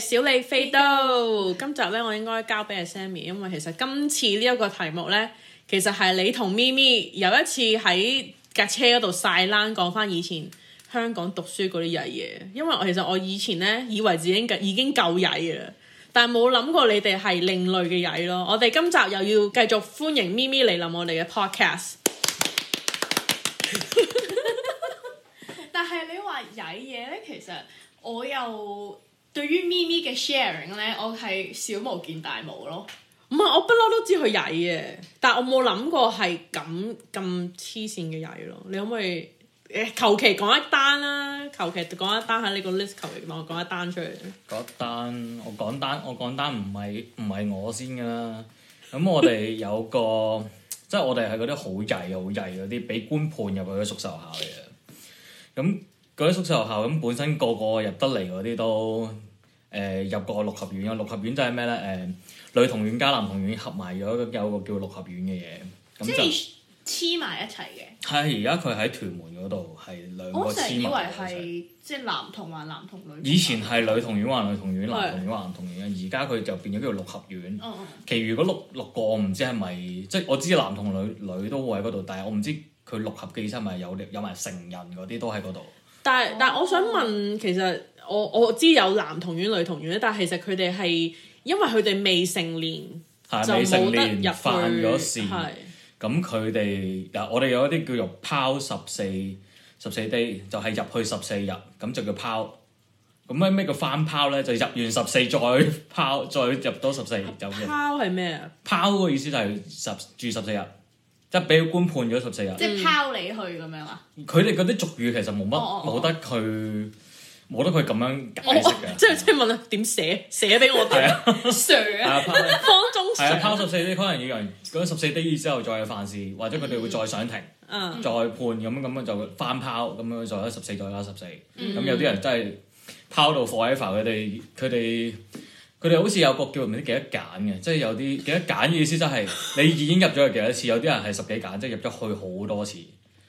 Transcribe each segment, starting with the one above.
小李非都，今集咧我應該交俾阿 Sammy，因為其實今次呢一個題目咧，其實係你同咪咪有一次喺架車嗰度晒冷，講翻以前香港讀書嗰啲曳嘢。因為我其實我以前咧以為自己已經已經夠曳啦，但係冇諗過你哋係另類嘅曳咯。我哋今集又要繼續歡迎咪咪嚟臨我哋嘅 podcast。 但係你話曳嘢咧，其實我又～對於咪咪嘅 sharing 咧，我係小巫見大巫咯。唔係我不嬲都知佢曳嘅，但我冇諗過係咁咁黐線嘅曳咯。你可唔可以誒求其講一單啦，啊？求其講一單喺呢個 list，求其我講一單出嚟。講一單，我講單，我講單唔係唔係我先噶。咁我哋有個即係 我哋係嗰啲好曳好曳嗰啲，俾官判入去啲熟食下嘅。咁。嗰啲宿舍學校咁本身個個入得嚟嗰啲都誒、呃、入個六合院，個六合院就係咩咧？誒、呃、女童院加男童院合埋咗，有個叫六合院嘅嘢。即係黐埋一齊嘅。係而家佢喺屯門嗰度係兩個黐埋經一齊。一即係男童還男童女童。以前係女童院還女童院，的男童院還男童院，而家佢就變咗叫六合院。嗯嗯其餘嗰六六個唔知係咪即係我知男童女女童都喺嗰度，但係我唔知佢六合嘅意思係咪有有埋成人嗰啲都喺嗰度。但係，但係我想問，其實我我知有男童院、女童院咧，但係其實佢哋係因為佢哋未成年，未成年就冇得入去。咁佢哋嗱，我哋有一啲叫做拋十四十四 day，就係入去十四日，咁、就係、就叫拋。咁咩咩叫翻拋咧？就入完十四再拋，再入多十四日就。拋係咩啊？拋嘅意思就係十住十四日。即係俾個官判咗十四日。即係拋你去咁樣啊？佢哋嗰啲俗語其實冇乜，冇得佢，冇得佢咁樣解釋嘅。即係即係問啊，點寫？寫俾我睇。上。放縱上。係啊，拋十四，你可能有人嗰十四 days 之後再犯事，或者佢哋會再上庭，再判咁樣咁樣就翻拋，咁樣就加十四，再啦。十四。咁有啲人真係拋到火，forever 佢哋佢哋。佢哋好似有個叫唔知幾多揀嘅，即係有啲幾多揀嘅意思，就是，就係你已經入咗去幾多次，有啲人係十幾揀，即係入咗去好多次。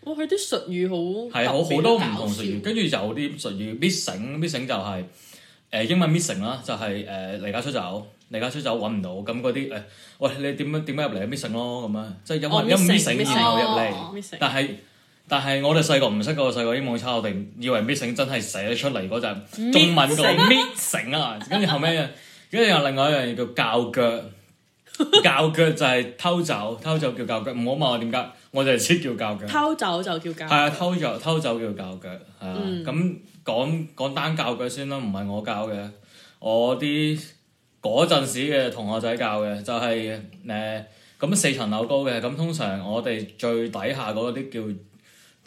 佢啲術語好特別，係好好多唔同術語，跟住有啲術語 missing，missing missing 就係、是、誒、呃，英文 missing 啦，就是，就係誒離家出走，離家出走揾唔到，咁嗰啲誒喂你點樣點樣入嚟 missing 咯咁啊，即係因、oh, 因 asing, missing 然後入嚟、oh, missing.，但係但係我哋細個唔識個細個英文抄定，以為 missing 真係寫咗出嚟嗰陣，中文叫 missing 啊，跟住後尾。嗯嗯嗯。跟住有另外一樣嘢叫教腳，教腳就係偷走，偷走叫教腳。唔好問我點解，我就係知叫教腳。偷走就叫教腳。係啊，偷走偷走叫教腳。係啊，咁、嗯、講講單教腳先啦，唔係我教嘅，我啲嗰陣時嘅同學仔教嘅、就係，就係誒咁四層樓高嘅。咁通常我哋最底下嗰啲叫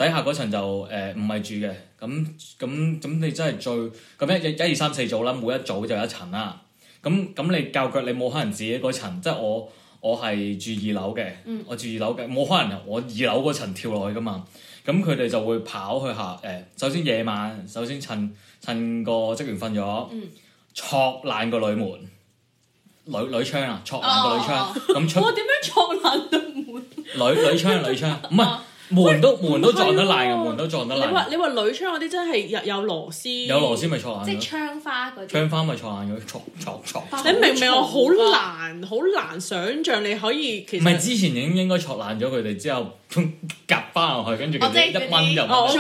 底下嗰層就誒唔係住嘅。咁咁咁你真係最咁一一二三四組啦，每一組就一層啦。咁咁你較腳你冇可能自己嗰層，即係我我係住二樓嘅，我住二樓嘅冇、嗯、可能由我二樓嗰層跳落去㗎嘛，咁佢哋就會跑去下誒，首先夜晚首先趁趁個職員瞓咗，戳爛個女門，女女窗啊，戳爛個女窗，咁、啊嗯、出我點樣戳爛個門？女窗女窗女窗唔係。門都門都撞得爛嘅，門都撞得爛。你話你話鋁窗嗰啲真係有有螺絲，有螺絲咪挫爛，即係窗花窗花咪挫爛咗，挫挫挫你明唔明我好難好難想象你可以，唔係之前已經應該挫爛咗佢哋之後夾翻落去，跟住一崩就唔裝。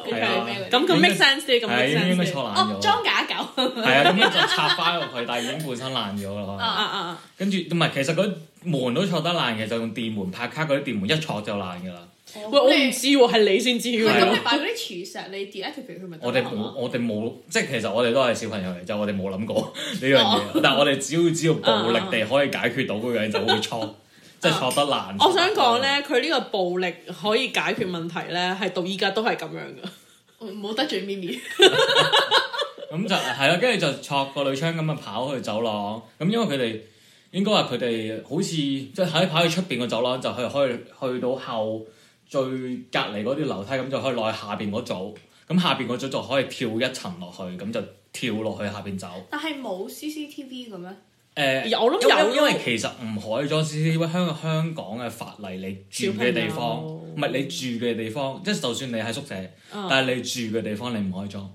OK 咁佢 make sense 咁嘅 sense。哦，裝假狗。係啊，咁樣就插翻落去？但係已經本身爛咗咯。啊啊啊！跟住唔係，其實嗰門都挫得爛嘅，就用電門拍卡嗰啲電門一挫就爛噶啦。喂，我唔知喎，係你先知嘅。佢咁，佢擺嗰啲鑰石，你 delete 佢咪得咯？我哋冇，我哋冇，即係其實我哋都係小朋友嚟，就我哋冇諗過呢樣嘢。Oh. 但係我哋只要知道暴力地可以解決到嗰樣嘢，就會挫，即係挫得爛。我想講咧，佢呢、嗯、個暴力可以解決問題咧，係到依家都係咁樣嘅。唔好、嗯、得罪咪咪。咁 就係咯，跟住就挫個女窗咁啊，跑去走廊。咁因為佢哋應該話佢哋好似即係喺跑去出邊個走廊，就可以去到後。最隔離嗰條樓梯咁就可以落去下邊嗰組，咁下邊嗰組就可以跳一層落去，咁就跳落去下邊走。但係冇 CCTV 嘅咩？誒、呃，有都、啊、有，因為其實唔可以裝 CCTV，香香港嘅法例，你住嘅地方，唔係你住嘅地方，即、就、係、是、就算你喺宿舍，嗯、但係你住嘅地方你唔可以裝。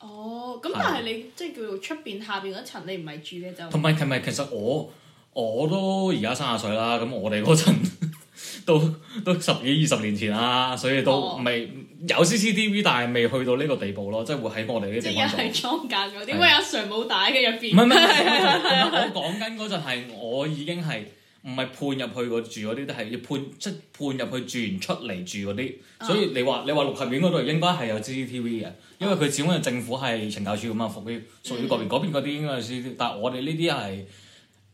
哦，咁但係你的即係叫做出邊下邊嗰層，你唔係住嘅就。同埋，同埋，其實我我都而家三十歲啦，咁我哋嗰陣。都都十幾二,二十年前啦，所以都未有、oh. 有 CCTV，但係未去到呢個地步咯，即係會喺我哋呢啲。即係一係莊稼嗰啲，喂、啊、阿 Sir 冇帶嘅入邊。唔係唔係唔係，我講緊嗰陣係我已經係唔係判入去住嗰啲，都係要判出判入去住完出嚟住嗰啲。所以你話、uh. 你話六合院嗰度應該係有 CCTV 嘅，因為佢始終政府係懲教署咁嘛，屬於屬於嗰邊嗰啲、嗯、應該有 c c 但係我哋呢啲係。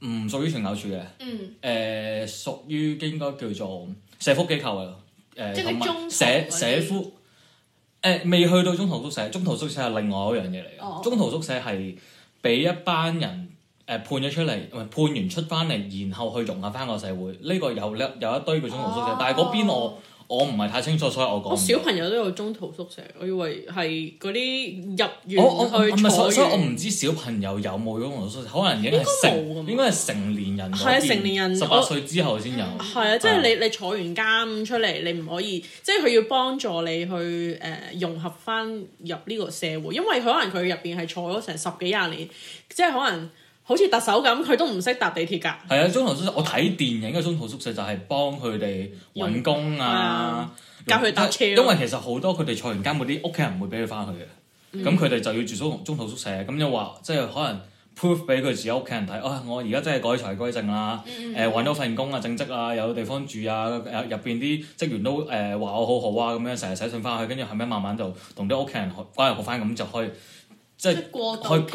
唔屬於懲教處嘅，誒、嗯呃、屬於應該叫做社福機構嘅，誒、呃、社中社、社福，誒、呃、未去到中途宿舍，中途宿舍係另外一樣嘢嚟嘅，哦、中途宿舍係俾一班人誒、呃、判咗出嚟，唔、呃、係判、呃、判完出翻嚟，然後去融合翻個社會，呢、這個有咧有，有，有一堆個中途宿舍，但係嗰邊我。我唔係太清楚，所以我講，我小朋友都有中途宿舍，我以為係嗰啲入完、哦哦、去坐、啊、所以所以我唔知小朋友有冇中途宿舍，可能已經係成應該係成，成年人。係啊，成年人十八歲之後先有。係啊，即、嗯、係你你坐完監出嚟，你唔可以，即係佢要幫助你去誒、呃、融合翻入呢個社會，因為可能佢入邊係坐咗成十幾廿年，即係可能。好似特首咁，佢都唔識搭地鐵㗎。係啊，中途宿舍我睇電影嘅中途宿舍就係幫佢哋揾工啊，啊，教佢搭車。因為其實好多佢哋坐完監，嗰啲屋企人唔會俾佢翻去嘅，咁佢哋就要住中中途宿舍。咁又話即係可能 prove 俾佢自己屋企人睇、嗯啊，我而家真係改邪歸正啦、啊，誒揾到份工啊，正職啊，有地方住啊，入入邊啲職員都誒話、呃、我好好啊，咁樣成日寫信翻去，跟住後尾慢慢就同啲屋企人關係好翻，咁就可以。即係佢過誒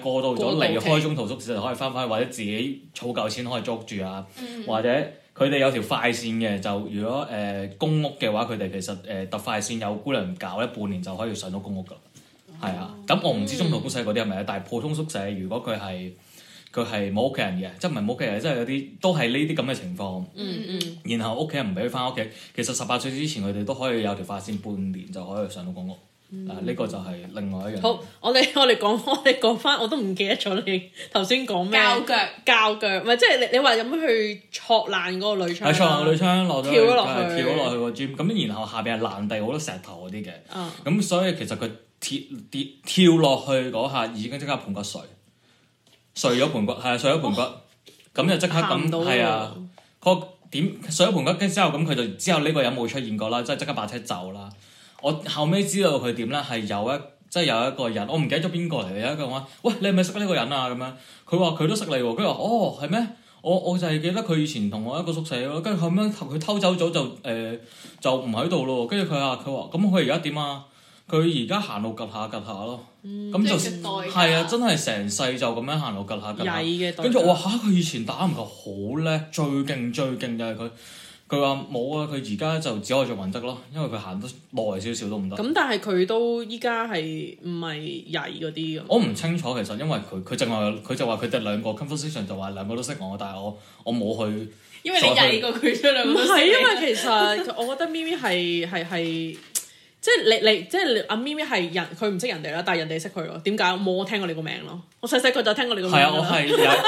渡咗離開中途宿舍，就可以翻返去，或者自己儲夠錢可以租住啊。嗯、或者佢哋有條快線嘅，就如果誒、呃、公屋嘅話，佢哋其實誒、呃、特快線有姑娘搞一半年就可以上到公屋噶。係啊，咁、啊、我唔知中途宿舍嗰啲係咪，但係普通宿舍如果佢係佢係冇屋企人嘅，即係唔係冇屋企人，即、就、係、是、有啲都係呢啲咁嘅情況。嗯嗯、然後屋企人唔俾佢翻屋企，其實十八歲之前佢哋都可以有條快線，半年就可以上到公屋。嗱，呢、嗯、個就係另外一樣。好，我哋我哋講我哋講翻，我都唔記得咗你頭先講咩？膠腳膠腳，唔係即係你你話有乜去戳爛嗰個女槍？係戳爛個女槍，落咗跳咗落去，跳咗落去個、嗯、gym。咁然後下邊係爛地好多石頭嗰啲嘅。咁、啊、所以其實佢跌跌跳落去嗰下已經即刻盆骨碎，碎咗盆骨係碎咗盆骨。咁就即刻咁到係啊！個點碎咗盆骨之後，咁佢就之後呢個有冇出現過啦，即係即刻把車走啦。我後尾知道佢點咧，係有一即係有一個人，我唔記得咗邊個嚟嘅有一個話，喂你係咪識得呢個人啊？咁樣佢話佢都識你喎，佢話哦係咩？我我就係記得佢以前同我一個宿舍咯，跟住後尾，佢偷走咗就誒、呃、就唔喺度咯，跟住佢話佢話咁佢而家點啊？佢而家行路趌下趌下咯，咁就係啊！真係成世就咁樣行路趌下趌下，跟住我話嚇佢以前打籃球好叻，最勁最勁就係佢。佢話冇啊！佢而家就只可以做雲德咯，因為佢行得耐少少都唔得。咁但係佢都依家係唔係曳嗰啲咁？我唔清楚其實，因為佢佢淨係佢就話佢哋兩個 conversation 就話兩個都識我，但係我我冇去。因為你曳過佢出嚟。唔係 因為其實，我覺得咪咪係係係。 即係你你即係阿咪咪係人，佢唔識人哋啦，但係人哋識佢咯。點解？冇我聽過你個名咯。我細細個就聽過你個名啦。係啊，我係曳，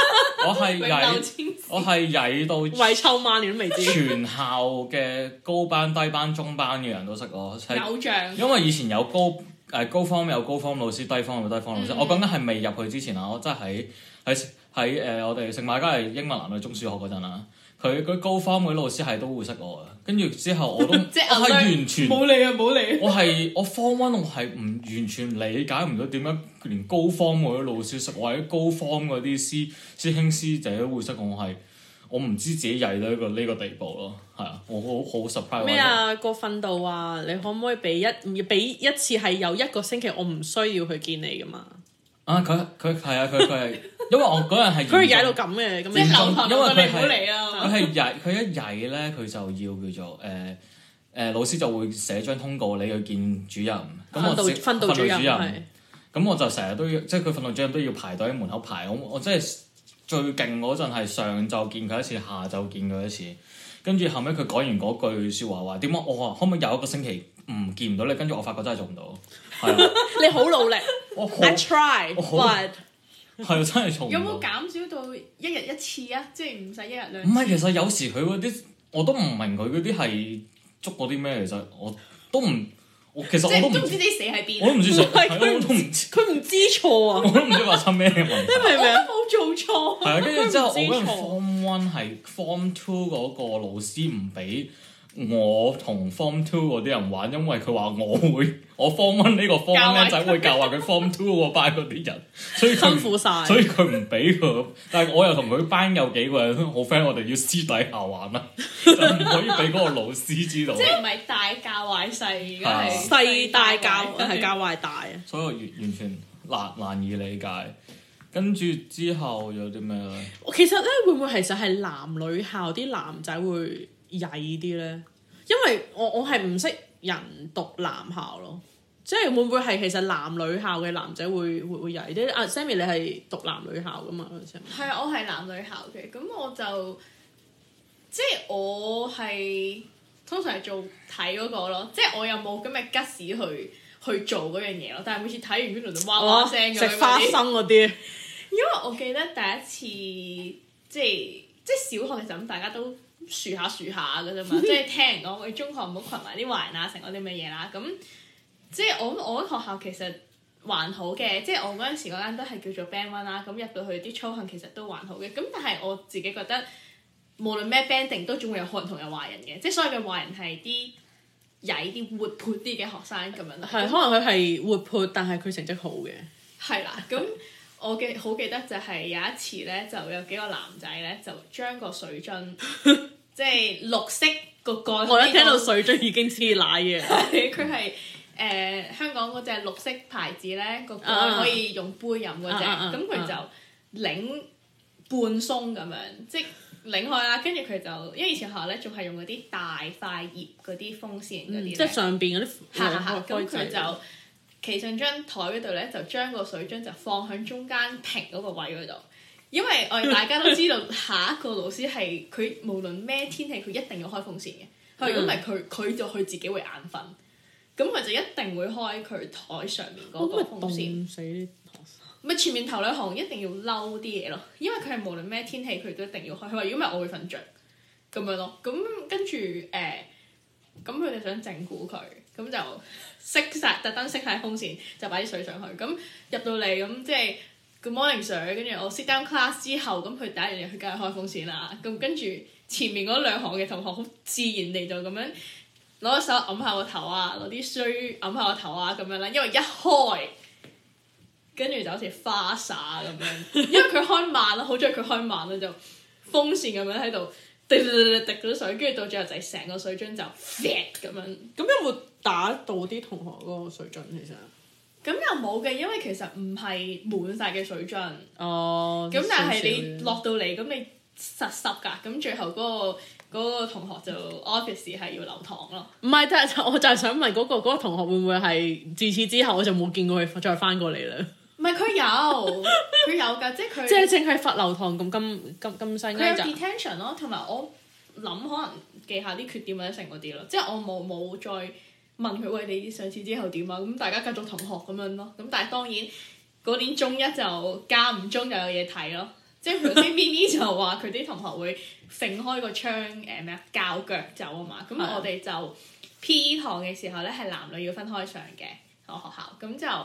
我係曳，我係曳到遺臭萬年都未知。全校嘅高班、低班、中班嘅人都識我，偶像，就係。因為以前有高誒、呃、高方有高方老師，低方有低方老師。嗯、我講緊係未入去之前啊，我即係喺喺喺誒我哋聖馬嘉麗英文男女中學嗰陣啦。佢高 form 嗰啲老師係都會識我嘅，跟住之後我都即係 說、啊、完全冇理啊冇理我，我係我 form one 我係唔完全理解唔到點解連高 form 嗰啲老師或者高 form 嗰啲師師兄師姐都會識我係，我唔知自己曳到呢個呢個地步咯，係啊，我好好 surprise。咩啊個訓導啊，你可唔可以俾一俾一次係有一個星期我唔需要去見你噶嘛？啊佢佢係啊佢佢係。 因為我嗰陣係佢曳到咁嘅，即係留校個離唔離啊！佢係曳，佢一曳咧，佢就要叫做誒誒，老師就會寫張通告你去見主任，咁我分到分到主任。咁我就成日都要，即係佢分到主任都要排隊喺門口排。我我真係最勁嗰陣係上晝見佢一次，下晝見佢一次。跟住後尾，佢講完嗰句說話話，點解我可唔可以有一個星期唔見唔到你？跟住我發覺真係做唔到，係你好努力，I t r 係啊，真係重。有冇減少到一日一次啊？即係唔使一日兩次。唔係，其實有時佢嗰啲我都唔明佢嗰啲係捉我啲咩？其實我都唔，我其實即我都唔知你死喺邊。我都唔知錯，佢都唔，佢唔知錯啊！我都唔知發生咩問。 你明唔明啊？我都冇做錯。係啊， 跟住之後 我嗰個 form one 係 form two 嗰個老師唔俾。我同 Form Two 嗰啲人玩，因為佢話我會，我 Form One 呢個 Form 僆仔教育 會教話佢 Form Two 個班嗰啲人，所以辛苦曬，所以佢唔俾佢。但係我又同佢班有幾個人好 friend，我哋要私底下玩啦，就唔 可以俾嗰個老師知道。即係唔係大教壞細，而係細大教係教壞大啊！所以我完完全難難以理解。跟住之後有啲咩咧？其實咧，會唔會其實係男女校啲男仔會曳啲咧？因為我我係唔識人讀男校咯，即係會唔會係其實男女校嘅男仔會會會曳啲？阿、啊、Sammy 你係讀男女校噶嘛嗰陣？係，我係男女校嘅，咁我就即係我係通常係做睇嗰個咯，即係我又冇咁嘅吉士去去做嗰樣嘢咯。但係每次睇完觀就哇嘩聲食花生嗰啲， 因為我記得第一次即係即係小學嘅時候，大家都。樹下樹下噶啫嘛，即係 聽人講，我中學唔好群埋啲壞人啊，成嗰啲乜嘢啦，咁即係我我我學校其實還好嘅，即係我嗰陣時嗰間都係叫做 band one 啦，咁入到去啲操行其實都還好嘅，咁但係我自己覺得無論咩 banding 都總會有好人同有壞人嘅，即係所謂嘅壞人係啲曳啲活潑啲嘅學生咁樣係、嗯嗯、可能佢係活潑，但係佢成績好嘅。係啦，咁。 我記好記得就係有一次咧，就有幾個男仔咧，就將個水樽，即係綠色個蓋。 我一聽到水樽已經黐奶嘅。佢係誒香港嗰隻綠色牌子咧，個蓋可以用杯飲嗰隻。咁佢、 嗯、就擰半鬆咁樣，即係擰開啦。跟住佢就，因為以前學校咧仲係用嗰啲大塊葉嗰啲風扇嗰啲、嗯，即係上邊嗰啲咁佢就。企上張台嗰度咧，就將個水樽就放喺中間平嗰個位嗰度，因為我哋大家都知道下一個老師係佢 無論咩天氣佢一定要開風扇嘅，佢 如果唔係佢佢就佢自己會眼瞓，咁佢就一定會開佢台上面嗰個風扇。唔係前面頭兩行一定要嬲啲嘢咯，因為佢係無論咩天氣佢都一定要開。佢話如果唔係我會瞓着，咁樣咯。咁跟住誒，咁佢哋想整蠱佢。咁就熄晒，特登熄晒風扇，就擺啲水上去。咁入到嚟咁，即係個 morning 水。跟住我 sit down class 之後，咁佢打完入嚟，佢梗係開風扇啦。咁跟住前面嗰兩行嘅同學，好自然地就咁樣攞手揞下個頭啊，攞啲水揞下個頭啊，咁樣啦。因為一開，跟住就好似花灑咁樣，因為佢開慢咯，好中意佢開慢咯，就風扇咁樣喺度滴滴滴滴滴水，跟住到最後就係成個水樽就咁樣，咁有冇？打到啲同學嗰個水準其實。咁又冇嘅，因為其實唔係滿晒嘅水準哦。咁、oh, 但係你落便到嚟，咁你實濕噶，咁最後嗰、那個那個同學就 office 係要留堂咯。唔係，但係我就係想問嗰、那個那個同學會唔會係自此之後我就冇見過佢再返過嚟啦？唔係佢有佢 有噶，就是、即係佢即係淨係罰留堂，咁咁今今新咧就 detention 咯，同埋我諗可能記下啲缺點或者成嗰啲咯，即係我冇冇再。問佢喂你上次之後點啊？咁大家繼續同學咁樣咯。咁但係當然嗰、那個、年中一就間唔中又有嘢睇咯。即係頭先咪咪就話佢啲同學會揈開個窗誒咩啊，較腳走啊嘛。咁 我哋就 P 堂嘅時候咧係男女要分開上嘅我學校。咁就誒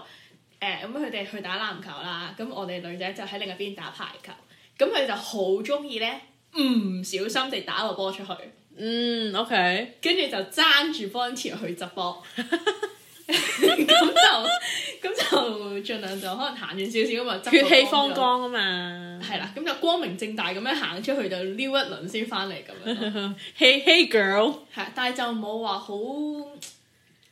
咁佢哋去打籃球啦。咁我哋女仔就喺另一邊打排球。咁佢哋就好中意咧唔小心地打個波出去。嗯，OK，跟住就爭住幫條去執波 就，咁就咁就盡量就可能行遠少少啊嘛，血氣方剛啊嘛，係啦，咁就光明正大咁樣行出去就溜一輪先翻嚟咁樣。 Hey, hey girl 係，但係就冇話好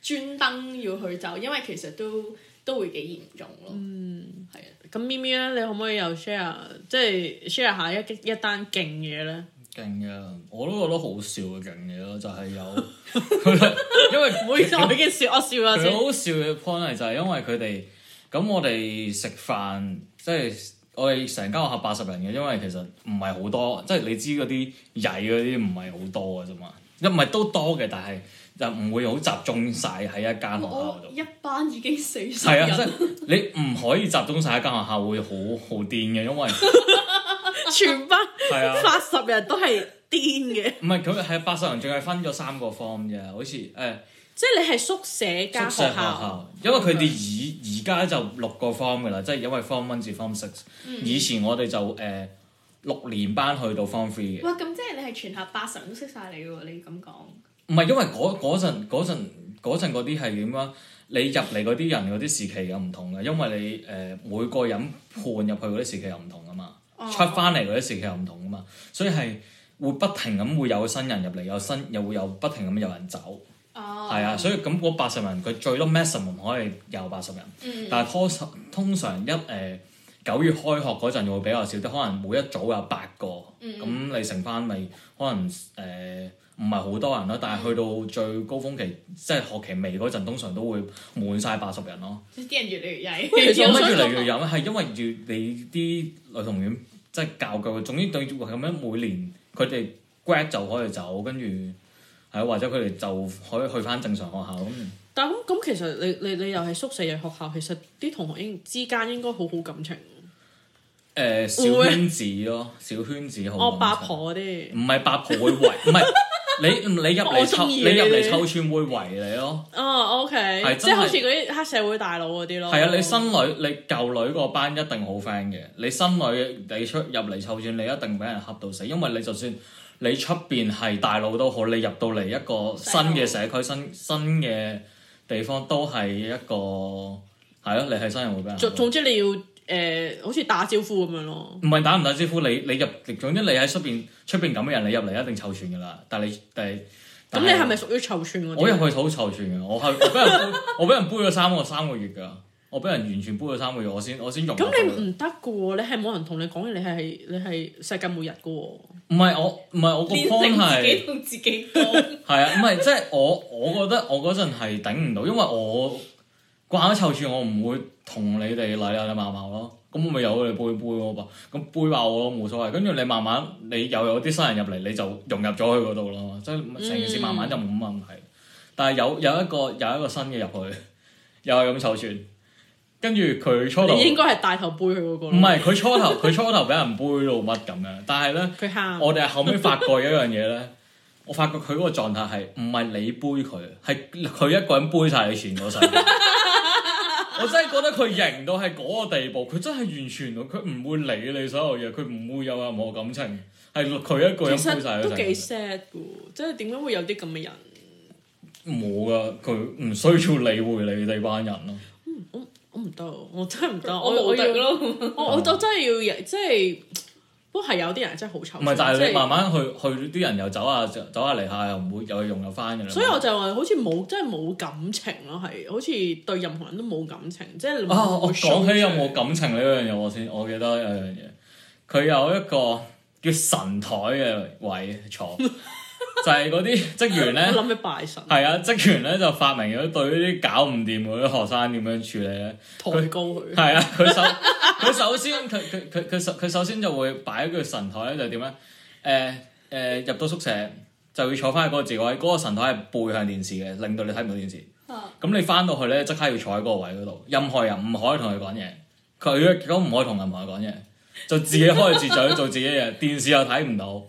專登要去走，因為其實都都會幾嚴重咯。嗯，係啊的。咁 MiMi 咧，你可唔可以又 share 即係 share 下一一單勁嘢咧？勁嘅，我都覺得好笑嘅勁嘢咯，就係、是、有， 因為唔好意思，我 他已經笑，笑，一笑咗好笑嘅 point 係就係因為佢哋咁，我哋食飯即係、就是、我哋成間學校八十人嘅，因為其實唔係好多，即、就、係、是、你知嗰啲曳嗰啲唔係好多嘅啫嘛。又唔係都多嘅，但係就唔會好集中晒喺一間學校度。一班已經四十、啊、人。啊，即係你唔可以集中晒一間學校會，會好好癲嘅，因為。 全班八十日都係癲嘅。唔係，咁，係八十人仲係分咗三個方啫，好似誒，欸、即係你係宿舍加學校，學校因為佢哋而而家就六個方 o r 啦，即係因為方 o n e 至方 six。以前我哋就誒六、呃、年班去到 f r m three。哇！咁即係你係全校八十人都識晒你喎？你咁講。唔係，因為嗰陣陣嗰陣嗰陣啲係點啊？你入嚟嗰啲人嗰啲時期又唔同嘅，因為你誒、呃、每個人判入去嗰啲時期又唔同。出翻嚟嗰啲時期又唔同噶嘛，所以係會不停咁會有新人入嚟，有新又會有不停咁有人走，係啊、哦，所以咁嗰八十人佢最多 maximum 可以有八十人，嗯、但係通常通常一誒九、呃、月開學嗰陣會比較少，啲，可能每一組有八個，咁、嗯、你剩翻咪可能誒唔係好多人咯，但係去到最高峰期即係、就是、學期尾嗰陣，通常都會滿晒八十人咯。啲人越嚟越曳，嗯、有咩越嚟越曳？係因為越你啲女童院。即係教佢，總之對住咁樣每年佢哋 grad 就可以走，跟住係或者佢哋就可以去翻正常學校咁。但咁、嗯嗯、其實你你你又係宿舍嘅學校，其實啲同學應之間應該好好感情。誒、呃，小圈子咯，小圈子好。我、哦、八婆啲，唔係八婆會圍，唔係。 你你入嚟抽你入嚟抽串會圍你咯。哦、oh，OK，即係好似嗰啲黑社會大佬嗰啲咯。係啊，你新女你舊女個班一定好 friend 嘅。你新女你出入嚟抽串，你一定俾人恰到死。因為你就算你出邊係大佬都好，你入到嚟一個新嘅社區、新新嘅地方，都係一個係咯。你係新人會俾人。就總之你要。誒、呃，好似打招呼咁樣咯。唔係打唔打招呼，你你入，總之你喺出邊出邊咁嘅人，你入嚟一定湊全噶啦。但你，但係，咁你係咪屬於湊全嗰啲？我入去好湊全嘅，我係，我俾人搬咗三個三個月㗎，我俾人完全搬咗三個月，我先我先入。咁你唔得噶，你係冇人同你講，你係你係世界末日噶喎。唔係我，唔係我個方係。自己同自己講係是 啊，唔係即係我，我覺得我嗰陣係頂唔到，因為我。慣咗臭串，我唔會同你哋嚟嚟麻麻咯。咁咪由你背背我吧。咁背埋我咯，冇所謂。跟住你慢慢，你又有啲新人入嚟，你就融入咗佢嗰度咯。即係成件事慢慢就冇乜問題。嗯、但係有有一個有一個新嘅入去，又係咁臭串。跟住佢初頭，你應該係大頭背佢嗰個。唔係佢初頭，佢 初頭俾人背到乜咁樣。但係咧，佢喊。我哋係後尾發覺一樣嘢咧， 我發覺佢嗰個狀態係唔係你背佢，係佢一個人背晒你全部晒。 我真係覺得佢型到係嗰個地步，佢真係完全，佢唔會理會你所有嘢，佢唔會有任何感情，係佢一個人其實都幾 sad 嘅，即係點解會有啲咁嘅人？冇噶，佢唔需要理會你哋班人咯。嗯，我我唔得，我真係唔得，我我要咯，我我我真係要，即係。不過係有啲人真係好醜。唔係，但係你慢慢去，是去啲人又走下、啊，走下嚟下又唔會又去融入又翻嘅啦。所以我就話好似冇，真係冇感情咯，係好似對任何人都冇感情，啊、即係。啊，我講起有冇感情呢樣嘢我先，我記得有樣嘢，佢有一個叫神台嘅位坐。 就係嗰啲職員咧，諗咩拜神？係啊，職員咧就發明咗對呢啲搞唔掂嗰啲學生點樣處理咧？抬高佢。係 啊，佢首佢首先佢佢佢佢首佢首先就會擺一個神台咧，就點咧？誒、呃、誒，入到宿舍就要坐翻喺嗰個字位，嗰、嗰個神台係背向電視嘅，令到你睇唔到電視。啊！咁你翻到去咧，即刻要坐喺嗰個位嗰度，任何人唔可以同佢講嘢，佢如果唔可以同任何人講嘢，就自己開住嘴 做自己嘢，電視又睇唔到，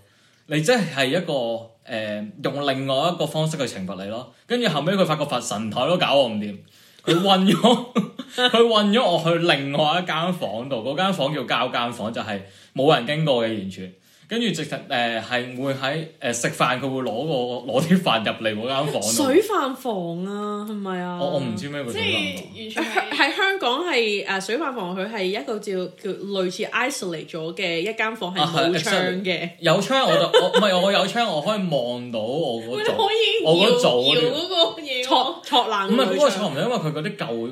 你即係係一個。誒、嗯、用另外一個方式去懲罰你咯，跟住後尾，佢發覺佛神台都搞我唔掂，佢困咗佢困咗我去另外一間房度，嗰間房間叫教間房，就係、是、冇人經過嘅完全。跟住直頭誒係會喺誒食飯，佢會攞個攞啲飯入嚟嗰間房。水飯房啊，係咪啊？我我唔知咩叫水飯房。喺香港係誒、呃、水飯房，佢係一個叫叫類似 isolate 咗嘅一間房，係冇窗嘅、啊。有窗，我覺得我唔係 我有窗，我可以望到我嗰座。我嗰座嗰個嘢，戳戳冷。唔係嗰個戳冷，因為佢嗰啲舊。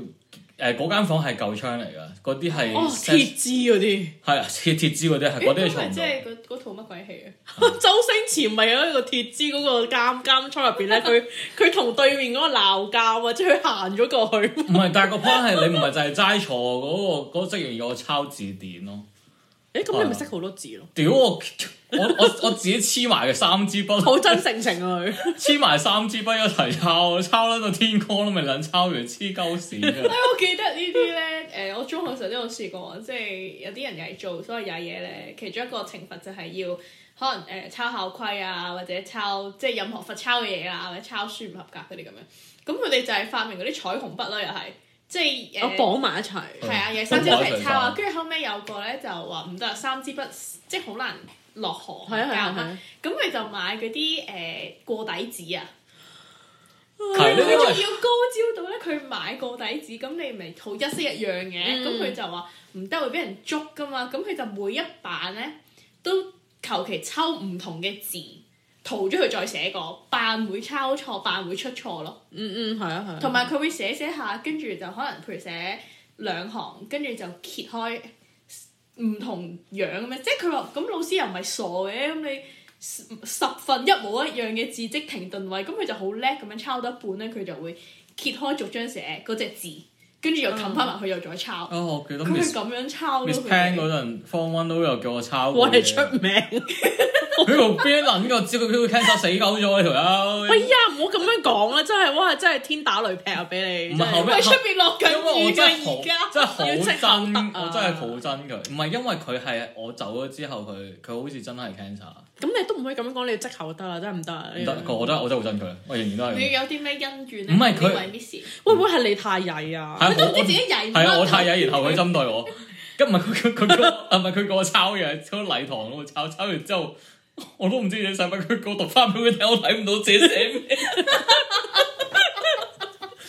誒嗰、呃、間房係舊窗嚟噶，嗰啲係哦鐵枝嗰啲，係啊鐵鐵枝嗰啲，係嗰啲嘅牀。即係嗰套乜鬼戲啊？ 周星馳唔係有個鐵枝嗰個監 監倉入邊咧，佢佢同對面嗰個鬧交啊！即係佢行咗過去。唔係， 但係個 point 係你唔係就係齋坐嗰、嗰個嗰職員要抄字典咯。誒，咁你咪識好多字咯？屌、啊嗯、我我我我自己黐埋嘅三支筆，好真性情啊！佢黐埋三支筆一齊抄，抄得到天光都未撚抄完黐鳩屎。嘅。誒， 我記得呢啲咧，誒、呃，我中學時候都有試過，即、就、係、是、有啲人又係做，所謂曳嘢咧，其中一個懲罰就係要可能誒、呃、抄校規啊，或者抄即係任何罰抄嘅嘢啊，或者抄書唔合格嗰啲咁樣，咁佢哋就係發明嗰啲彩虹筆啦，又係。即係誒，呃、我綁埋一齊，係啊、嗯，有三支筆一齊抄啊，跟住、嗯、後尾有個咧就話唔得，啊，三支筆即係好難落河教啊，啊對換，咁佢就買嗰啲誒過底紙的啊，佢仲要高招到咧，佢買過底紙，咁你咪同一式一樣嘅。咁佢、嗯、就話唔得會俾人捉噶嘛，咁佢就每一版咧都求其抽唔同嘅字。塗咗佢再寫過，扮會抄錯，扮會出錯咯。嗯嗯，係、嗯、啊係。同埋佢會寫寫下，跟住就可能譬如寫兩行，跟住就揭開唔同樣咩？即係佢話咁老師又唔係傻嘅，咁你十份一模一樣嘅字跡停頓位，咁佢就好叻咁樣抄到一半咧，佢就會揭開逐張寫嗰隻字，跟住又冚翻埋去又再抄。嗯、哦，記得 Miss 潘嗰陣 Form One 都有叫我抄。我係出名。 佢度邊撚個？知佢佢佢 cancer 死鳩咗啊！條友，哎呀，唔好咁樣講啦，真係哇，真係天打雷劈啊！俾你，唔係後邊落緊雨嘅而家，真係好憎，我真係好憎佢。唔係因為佢係我走咗之後，佢佢好似真係 cancer。咁你都唔可以咁樣講你即口得啦，真係唔得。唔得，我真係我真好憎佢，我仍然都係。你有啲咩恩怨？唔係佢，會唔會係你太曳啊？佢都唔知自己曳乜？係啊，我太曳，然後佢針對我。咁唔係佢佢個係咪佢個抄嘢？抄禮堂喎，抄抄完之後。我都唔知你寫乜，佢我讀翻俾佢睇，我睇唔到自己寫咩。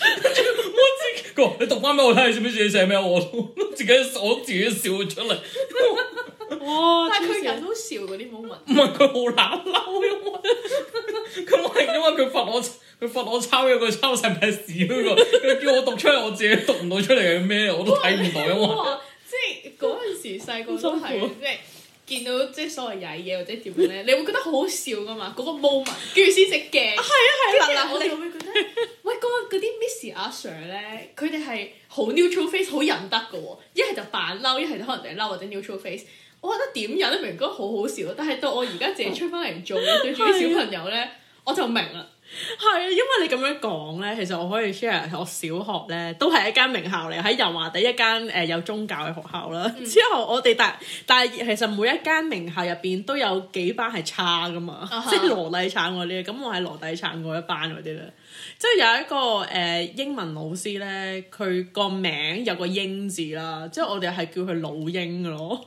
我知個，你讀翻俾我睇，做乜事你寫咩？我都自己我自己笑出嚟。哇！但係佢人都笑嗰啲冇問。唔係佢好難嬲，佢係因為佢罰我，佢罰我抄嘢，佢抄曬咩屎。佢叫我讀出嚟，我自己讀唔到出嚟嘅咩？我都睇唔到哇因為為。即係嗰陣時細個都係即係。嗯見到即係所謂曳嘢或者點樣咧，你會覺得好好笑噶嘛？嗰個 moment，跟住先識驚。係啊係啊！嗱嗱、啊，我會覺得， 喂，嗰啲 Miss 阿 Sir 咧，佢哋係好 neutral face，好忍得噶喎。一係就扮嬲，一係可能就係嬲或者 neutral face。我覺得點忍得都明明，覺得好好笑。但係到我而家自己出翻嚟做嘢。 對住啲小朋友咧，我就明啦。係啊，因為你咁樣講咧，其實我可以 share 我小學咧都係一間名校嚟，喺油麻地一間誒、呃、有宗教嘅學校啦。嗯、之後我哋但但係其實每一間名校入邊都有幾班係差噶嘛，啊、哈即係籮底橙嗰啲。咁我係籮底橙嗰一班嗰啲咧。即係有一個誒、呃、英文老師咧，佢個名有個英字啦，即係我哋係叫佢老英咯。哦、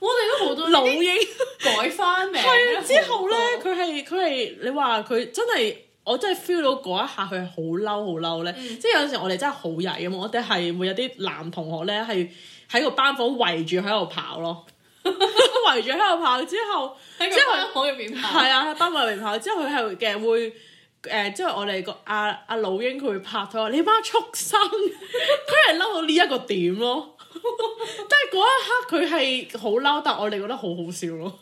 我哋都好多老英 改翻名、啊。係啊，之後咧佢係佢係你話佢真係。我真係 feel 到嗰一刻佢係好嬲，好嬲咧！即係有陣時我哋真係好曳咁，我哋係會有啲男同學咧，係喺個班房圍住喺度跑咯，圍住喺度跑之後，喺 個喺房入邊跑，係後 啊，喺班房入邊跑之後佢係嘅會，誒、呃，即係我哋個阿阿、啊啊啊、老英，佢會拍拖，你媽畜生，佢係嬲到呢一個點咯， 但係嗰一刻佢係好嬲，但我哋覺得好好笑咯。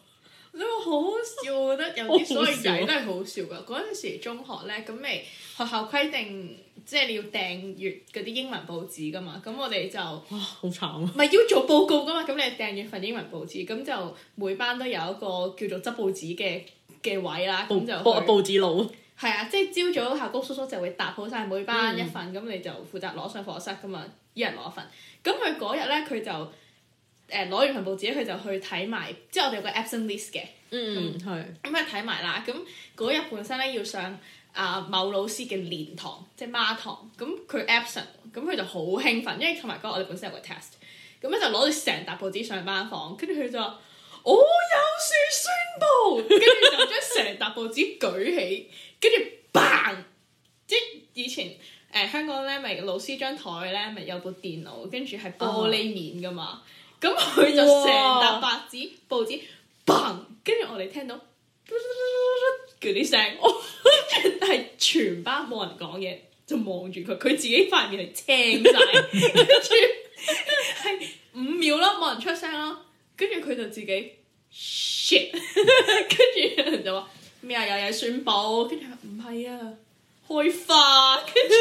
都好笑， 覺得有啲所謂嘢都係好笑噶。嗰陣 時中學咧，咁咪學校規定，即、就、係、是、你要訂閱嗰啲英文報紙噶嘛。咁我哋就哇，好慘啊！咪要做報告噶嘛。咁你訂閱份英文報紙，咁就每班都有一個叫做執報紙嘅嘅位啦。咁報就報報紙佬。係啊，即係朝早校工叔叔就會搭好晒每班一份，咁、嗯、你就負責攞上課室噶嘛，一人攞一份。咁佢嗰日咧，佢就。誒攞完份報紙佢就去睇埋，之後我哋有個 absent list 嘅，嗯，係咁佢睇埋啦，咁嗰日本身咧要上啊某老師嘅連堂，即係孖堂，咁佢 absent，咁佢就好興奮，因為同埋嗰日我哋本身有個 test，咁咧就攞住成沓報紙上班房，跟住佢就話我、oh, 有事宣佈，跟住 就將成沓報紙舉起，跟住嘭！即以前誒、呃、香港咧咪老師張台咧咪有部電腦，跟住係玻璃面噶嘛。Oh. 咁佢、嗯、就成沓白紙報紙，砰！跟住我哋聽到叫啲聲，我、哦、係全班冇人講嘢，就望住佢，佢自己塊面係青晒，跟住係五秒咯，冇人出聲咯，跟住佢就自己 shit，跟住有人就話咩啊？有嘢宣佈，跟住唔係啊開花，跟住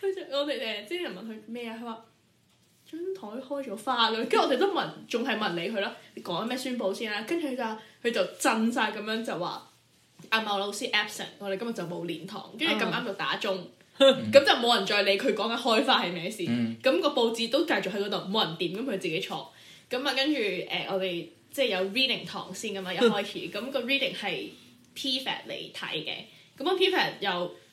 跟住我哋誒，啲人問佢咩啊？佢話。張台開咗花咁，跟住我哋都問，仲係問你佢咯？你講咩宣佈先啦？跟住佢就佢就震晒咁樣就話：阿茂老師 absent，我哋今日就冇連堂。跟住咁啱就打鐘，咁 就冇人再理佢講緊開花係咩事。咁 個報紙都繼續喺嗰度，冇人掂，咁佢自己坐。咁啊，跟住誒，我哋即係有 reading 堂先噶嘛，一開始咁 個 reading 係 paper 嚟睇嘅。咁個 paper 又～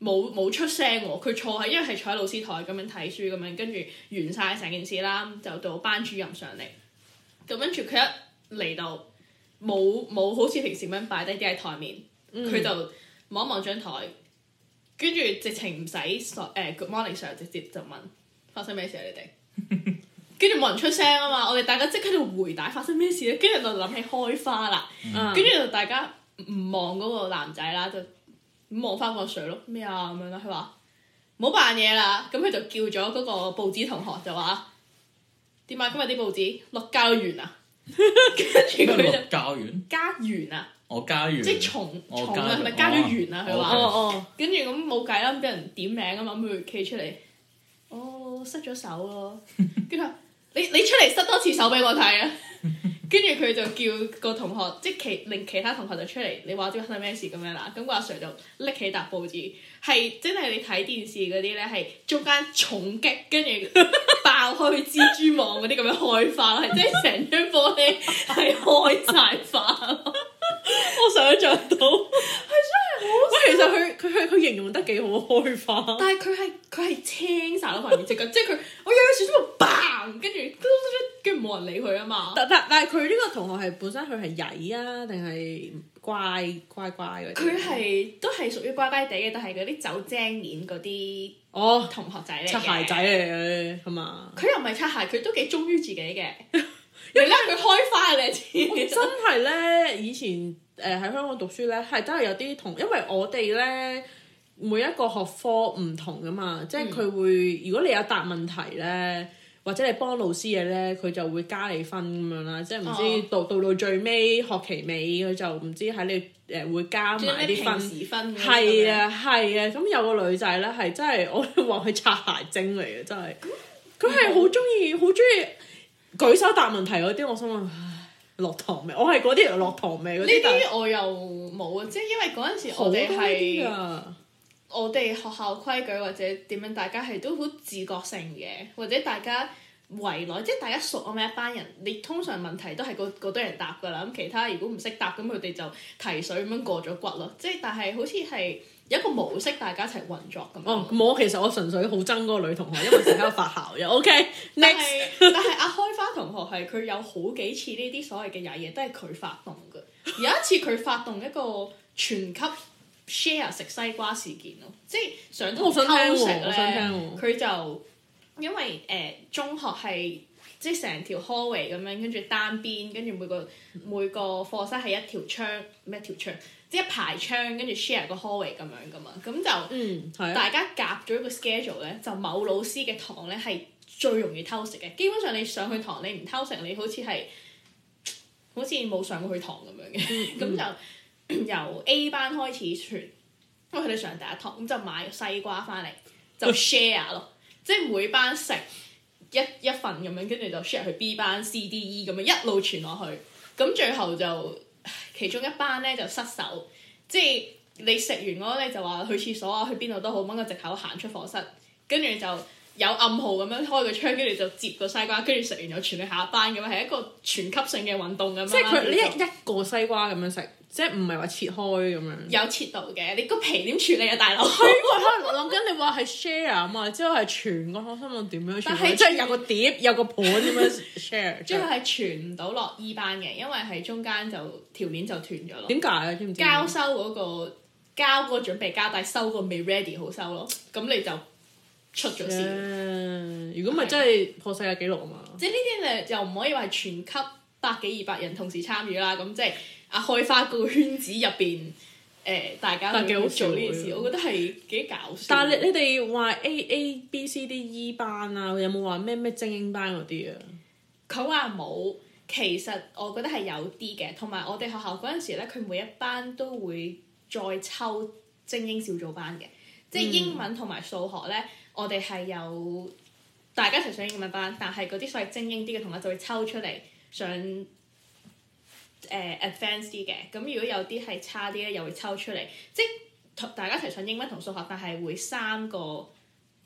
冇冇出聲喎、啊，佢坐喺，因為係坐喺老師台咁樣睇書咁樣，跟住完晒成件事啦，就到班主任上嚟。咁跟住佢一嚟到，冇冇好似平時咁樣擺低啲喺台面，佢、嗯、就望一望張台，跟住直情唔使誒 Good morning sir，直接就問發生咩事啊你哋？跟住冇人出聲啊嘛，我哋大家即刻就回答：「發生咩事咧、啊，跟住就諗起開花啦，跟住、嗯、就大家唔望嗰個男仔啦就。咁望翻個水咯咩啊咁樣啦，佢話唔好扮嘢啦，咁佢就叫咗嗰個報紙同學就話點解今日啲報紙落膠圓啊？跟住佢就膠圓膠圓啊！家我膠圓即係重重係了咪園加咗圓啊？佢話哦哦，跟住咁冇計啦，咁俾、哦 okay. 哦哦、人點名咁嘛。咁佢企出嚟，哦，失咗手咯。跟住 你你出嚟失多次手俾我睇啊！ 跟住佢就叫個同學，即係令其他同學就出嚟，你話知發生咩事咁樣啦。咁個阿 sir 就拎起沓報紙，係真係你睇電視嗰啲咧，係中間重擊，跟住爆開蜘蛛網嗰啲咁樣開花，係真係成張玻璃係開晒花， 我想像到。 其實佢佢係佢形容得幾好開化，但係佢係佢係青晒嗰塊面，即係即係佢，我有隻小豬木跟住跟住冇人理佢啊嘛！但但但係佢呢個同學係本身佢係曳啊，定係乖乖乖嗰啲？佢係都係屬於乖乖地嘅，但係嗰啲走精面嗰啲哦同學仔咧，擦鞋仔嚟嘅係嘛？佢又唔係擦鞋，佢都幾忠於自己嘅。因為佢開花你知，真係咧以前。誒喺香港讀書咧，係真係有啲同，因為我哋咧每一個學科唔同噶嘛，即係佢會、嗯、如果你有答問題咧，或者你幫老師嘢咧，佢就會加你分咁樣啦。即係唔知、哦、到到到最尾學期尾，佢就唔知喺你誒、呃、會加埋啲分。時分係啊，係啊，咁、啊、有個女仔咧，係真係我話佢擦鞋精嚟嘅，真係。佢係好中意，好中意舉手答問題嗰啲，我心諗。落糖味，我係嗰啲落糖味嗰啲。呢啲這些 是我又冇啊，即係因為嗰陣時我哋係，我哋學校規矩或者點樣，大家係都好自覺性嘅，或者大家圍內，即係大家熟我咪一班人，你通常問題都係個多人答噶啦，咁其他如果唔識答咁佢哋就提水咁樣過咗骨咯，即係但係好似係。一個模式，大家一齊運作咁。哦，冇，其實我純粹好憎嗰個女同學，因為法校而家發姣又 OK next. 但。但係，但係阿開花同學係佢有好幾次呢啲所謂嘅曳嘢都係佢發動嘅。有 一次佢發動一個全級 share 食西瓜事件咯，即係上堂偷食咧。佢、啊啊、就因為誒、呃、中學係。即係成條 hallway 咁樣，跟住單邊，跟住每個每個課室係一條窗咩條窗，即係一排窗，跟住 share 個 hallway 咁樣噶嘛，咁就、嗯、大家夾咗一個 schedule 咧，就某老師嘅堂咧係最容易偷食嘅。基本上你上去堂，你唔偷食，你好似係好似冇上過去堂咁樣嘅，咁、嗯、 就、嗯、 由 A 班開始傳，因為佢哋上第一堂，咁就買個西瓜翻嚟就 share 咯， 即係每班食。一一份咁樣，跟住就 share 去 B 班、C、D、E 咁樣一路傳落去，咁最後就其中一班咧就失手，即係你食完嗰咧就話去廁所啊，去邊度都好，掹個藉口行出課室，跟住就，有暗號咁樣，開個窗，跟住就接個西瓜，跟住食完又傳你下一班咁樣，係一個全級性嘅運動咁樣。即係佢呢一個西瓜咁樣食，即係唔係話切開咁樣？有切到嘅，你個皮點處理啊，大佬？我諗緊你話係 share 啊嘛，之後係傳個，我心諗點樣？即係有個碟有個盤點樣 share？之後係傳唔到落二班嘅，因為係中間就條鏈就斷咗咯。點解啊？知唔知？交收嗰個交嗰個準備交，但收個未 ready 好收咯，咁你就。出咗先，Yeah, 如果唔係真係破世界紀錄啊嘛！即係對呢啲咧，又唔可以話全級百幾二百人同時參與啦。咁即係啊，開花個圈子入邊，誒、呃，大家都幾好做呢件事。我覺得係幾搞笑。但係你哋話 A、A、B、C、D、E 班啊，有冇話咩咩精英班嗰啲啊？佢話冇，其實我覺得係有啲嘅，同埋我哋學校嗰陣時咧，佢每一班都會再抽精英小組班嘅，即係英文同埋數學咧。嗯我哋係有大家一齊上英文班，但係嗰啲所謂精英啲嘅同學就會抽出嚟上誒 advance 啲嘅。咁、呃、如果有啲係差啲咧，又會抽出嚟。即係大家一齊上英文同數學，但係會三個好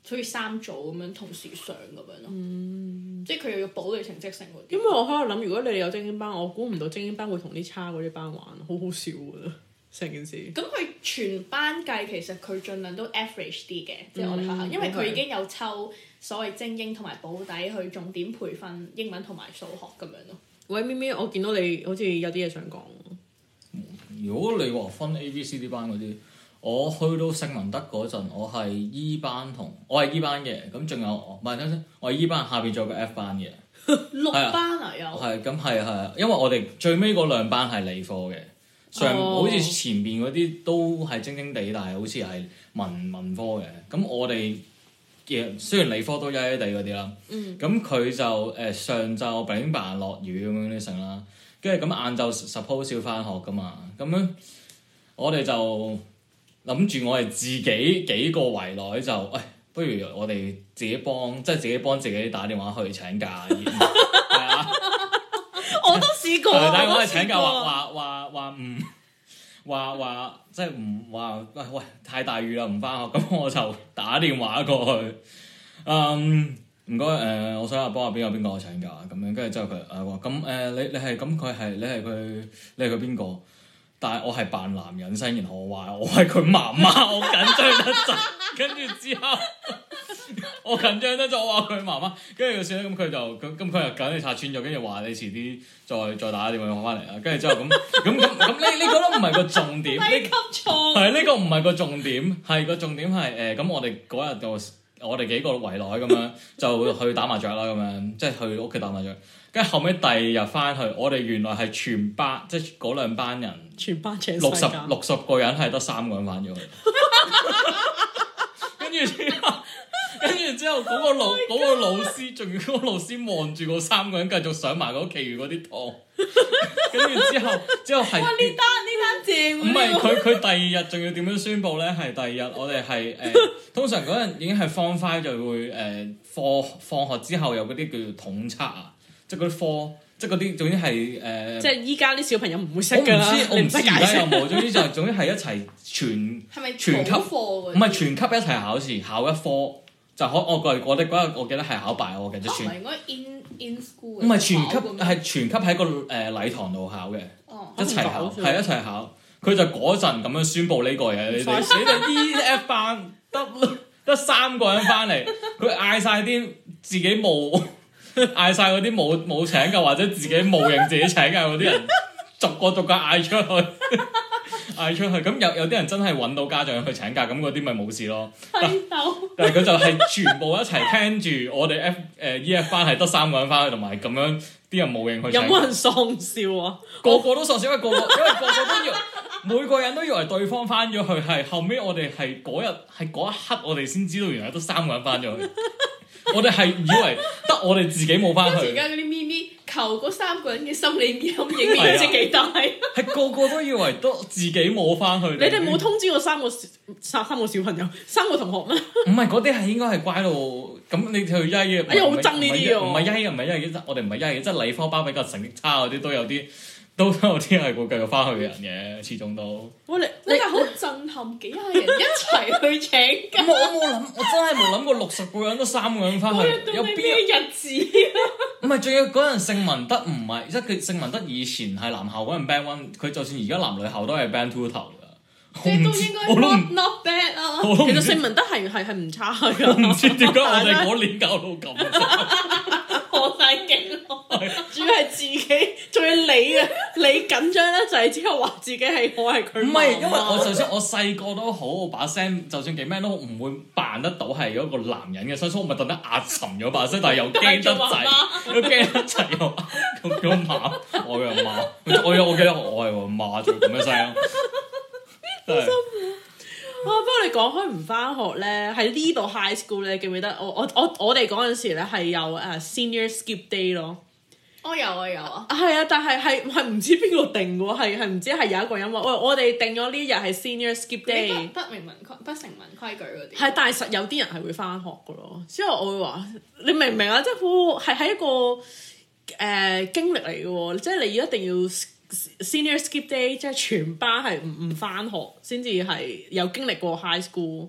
似三組咁樣同時上咁樣咯。嗯、即係佢又要補你成績成嗰啲。因為我喺度諗，如果你有精英班，我估唔到精英班會同啲差嗰啲班玩，好好笑啊！成件事，咁佢全班計其實佢盡量都 average 啲嘅，即係我哋學校，因為佢已經有抽所謂精英同埋保底去重點培訓英文同埋數學咁樣咯。喂，咪咪，我見到你好似有啲嘢想講。如果你話分 A、B、C、D 班嗰啲，我去到聖文德嗰陣，我係 E 班同我係 E 班嘅，咁仲有，唔係，等陣先，我係 E 班下邊仲有個 F 班嘅。 六班啊，啊有。係咁係係，因為我哋最尾嗰兩班係理科嘅。上好似前面嗰啲都係精精地，但係好似係文文科嘅。咁我哋嘅雖然理科都曳曳地嗰啲啦。咁佢、嗯、就誒、呃、上晝頂棚落雨咁樣啲成啦，跟住咁晏晝十鋪先返學噶嘛。咁樣我哋就諗住我哋自己幾個圍內就，喂、哎，不如我哋自己幫，即、就、係、是、自己幫自己打電話去請假，係啊？但我係請假話話話話唔話話即係唔話，喂、喂太大雨啦唔翻學，咁我就打電話過去，嗯唔該誒我想話幫下邊個邊個我請假咁樣，跟住之後佢誒話咁誒你你係咁佢係你係佢你係佢邊個？但係我係扮男人聲，然後我話我係佢媽媽，我緊張得滯，跟住 之後。我緊張得就話佢媽媽，跟住佢算咧，咁佢就咁咁佢又緊要拆穿咗，跟住話你遲啲再再打電話我翻嚟啦。跟住之後咁咁咁咁，你你覺得唔係個重點？你咁錯？係呢個唔係個重點，係個重點係誒。咁、呃、我哋嗰日就我哋幾個圍內咁樣就去打麻雀啦，咁 樣即係去屋企打麻雀。跟住後尾，第二日翻去，我哋原來係全班即係嗰兩班人，全班六十六十個人係得三個人玩咗，跟住之後。跟住之後，嗰個老嗰、oh、my 老師，仲要嗰個老師望住嗰三個人繼續上埋嗰啲，其餘嗰啲堂。跟住之後，之後係呢單呢單唔係佢佢第二日仲要點樣宣布咧？係第二日我哋係誒，通常嗰陣已經係放快就會誒，課、呃、放學之後有嗰啲叫做統測啊，即係嗰啲科，即係嗰啲總之係誒。呃、即係依家啲小朋友唔會識㗎啦。唔識家題冇？總之就係、總之係一齊全係咪？全級課，唔係全級一齊考試考一科。就考我個，我哋嗰日我記得係考弊我嘅，全唔係全級，係全級喺個誒禮堂度考嘅，哦、一齊考，係、嗯、一齊考。佢、嗯、就嗰陣咁樣宣布呢個嘢，不快 你哋 E F 班得三個人返嚟，佢嗌晒啲自己冇嗌晒嗰啲冇冇請嘅，或者自己冇人自己請嘅嗰啲人，逐個逐個嗌出去。 嗌出去咁，有有啲人真係揾到家長去請假，咁嗰啲咪冇事咯的。但係佢就係全部一齊聽住我哋 F 誒、 呃、E F 班係得三個人翻去，同埋咁樣啲人冇認去。有冇人喪笑啊？個個都喪笑，因為個個 因為個個都要每個人都以為對方翻咗去，係後尾我哋係嗰日係嗰一刻我哋先知道，原來得三個人翻咗去。 我哋係以為得我哋自己冇翻，而家嗰啲咪咪求嗰三個人嘅心理陰影面唔知幾大，係 個個都以為都自己冇翻去。你哋冇通知過三個殺三個小朋友、三個同學咩？唔係嗰啲係應該係乖到咁，你去曳嘅，哎呀，我憎呢啲唔係曳，啊，唔係因為我哋唔係曳，即係理科班比較成績差嗰啲都有啲。都有知係會繼續翻去嘅人嘅，始終都。哇！你你係 好震撼，幾廿人一齊去請。 我冇諗，我真係冇諗過六十個人都三個人都翻去，邊有邊日子唔、啊、係，仲有嗰人聖文德，唔係，即係佢聖文德以前係男校嗰陣 band one，佢就算而家男女校都係 band two 頭噶。你都應該 not bad 啊！其實聖文德係係係唔差噶。唔知點解 我哋年教到咁。 主 要係自己，仲要你嘅，你緊張得滯，之後話自己係我係佢。唔係，因為我就算我細個都好，我把聲，就算幾咩都唔會扮得到係一個男人嘅，所以我咪特登壓沉咗把聲，但係又驚得滯，又驚得滯又咁咁喊，又叫我嘅媽，我媽我記得我係我，我，我，我，我媽做咁嘅聲，真係 對啊、哦！不過你講開唔翻學咧，喺呢度 high school 咧，記唔記得我我我我哋嗰陣時咧係有誒 senior skip day 咯。我有啊有啊，係、oh, yeah, yeah. 啊，但係係係唔知邊個定喎，係係唔知係有一個人話，喂，我哋定咗呢日係 senior skip day。不，不明文規不成文規矩啲，係但係實有啲人係會返學嘅咯，之後我會話你明唔明啊？即係係喺一個誒、呃、經歷嚟嘅，即、就、係、是、你要一定要 senior skip day，即係全班係唔唔返學先至係有經歷過 high school。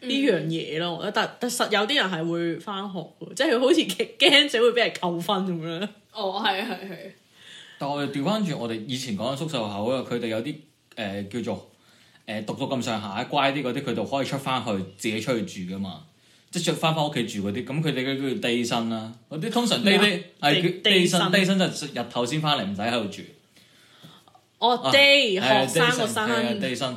呢樣嘢咯，但但實有啲人係會翻學嘅，即係佢好似驚驚死會俾人扣分咁樣。哦，係係係。但我哋調翻轉，我哋以前講緊宿舍學校啊，佢哋有啲誒叫做誒讀到咁上下乖啲嗰啲，佢就可以出翻去自己出去住噶嘛，即係著翻翻屋企住嗰啲。咁佢哋嗰啲叫 Day 生啦，嗰啲通常地叫 Day 生，Day 生就日頭先翻嚟，唔使喺度住。哦，Day 學生個生，Day 生 Day 生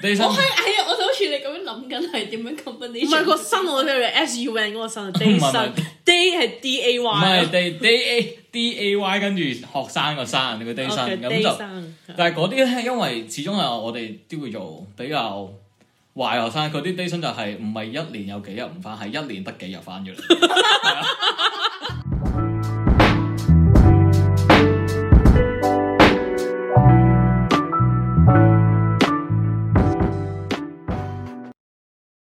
Day 生係啊。似你咁樣諗緊係點樣咁？唔、那、係個新我哋叫 SUN 嗰個新 ，day 新生 day 係 D A Y，唔係 day day a d a y，跟住學生個生你，嗰個 day 生咁 Okay, 就，生但係嗰啲咧，因為始終係我哋都會做比較壞學生，佢啲 day 就係唔係一年有幾日唔翻，係一年得幾日翻咗嚟。